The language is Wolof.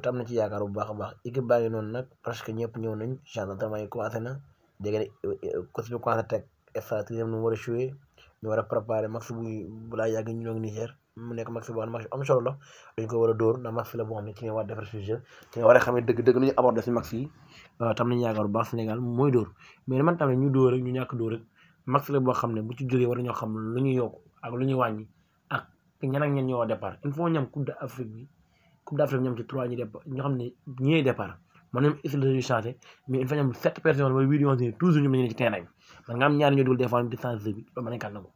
te na ci yaakaar bu baax a baax équipe baa ngi noonu nag presque ñëpp ñëw nañ gendarmerie yi commencé na dégg nga euh, euh, coach bi commencé teg stratégie nu mu war a jouer ñu war a préparer max bu bu laa yàgg ñu ngi Niger mu nekk max bu max am solo la dañ ko war a dóor ndax match la boo xam ne ci nga war a defar sujet ci nga war a xam dëgg dëgg nu ñu aborder si max yi tam nañu yaakaar bu baax Sénégal mooy door mais man tam ñu door rek ñu ñàkk door rek max la boo xam ne bu ci jógee war ñoo xam lu ñu yokk ak lu ñu wàññi ak ñan ak ñan ñoo départ il faut ñam coupe d'Afrique bi coupe d'Afrique ñu am ci trois ñu départ ñu ñi départ man même est-ce que dañuy changé mais sept personnes wala huit yoo xam ne toujours ñoom dañu ne ci terrain man nga ñaari ñoo dugal des fois distance bi ba mën a kàllaama